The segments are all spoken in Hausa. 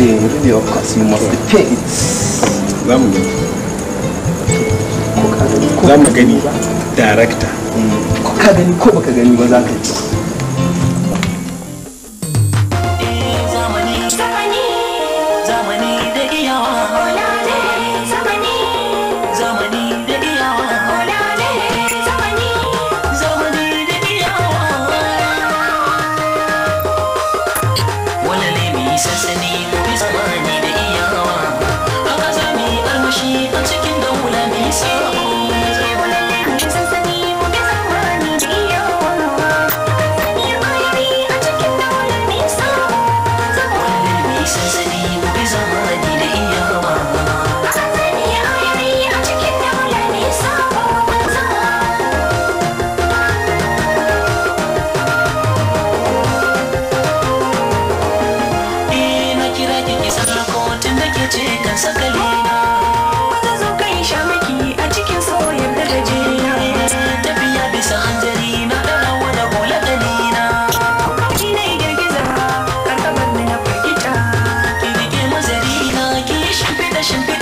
zai rufe of course you must director ko ka gani baka gani ba za ci passion.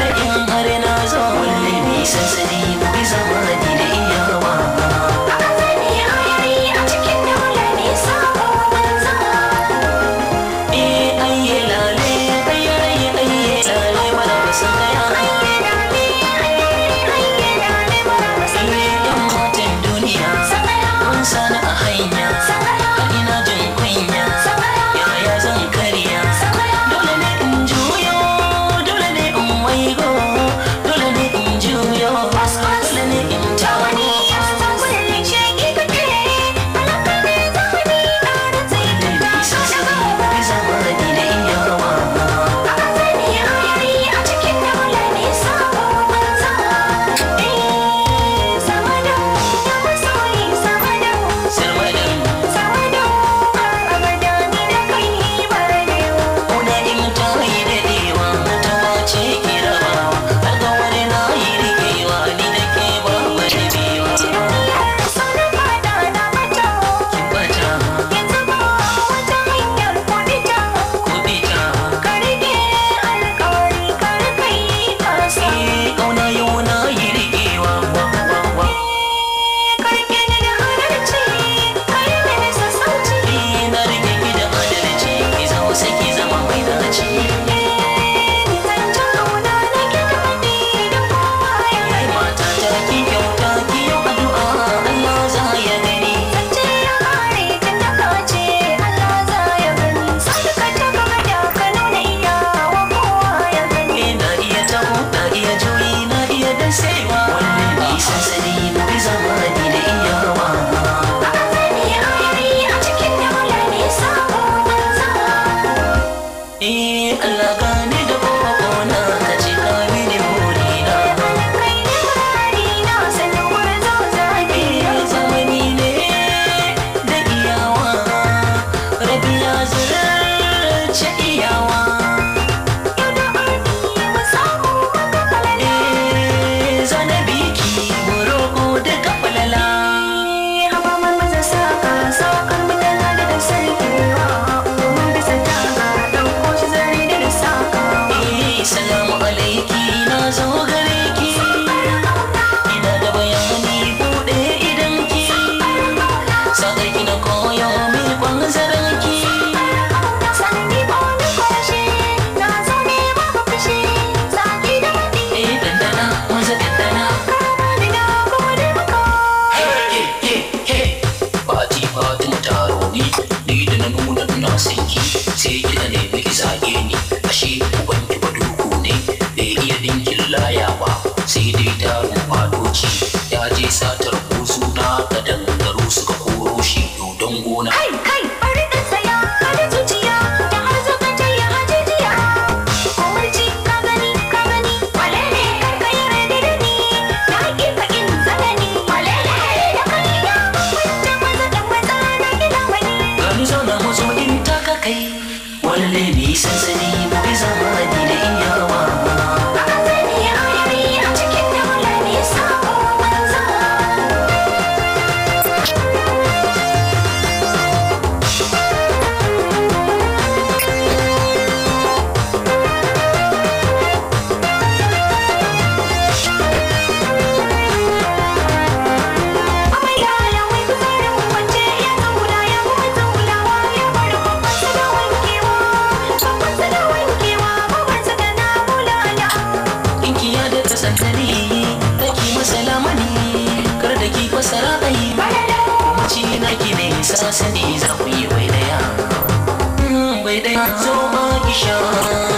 pieces anymore. sarabai kuma na ki ne sasani za ku yi bai daya bai hmm, zo ma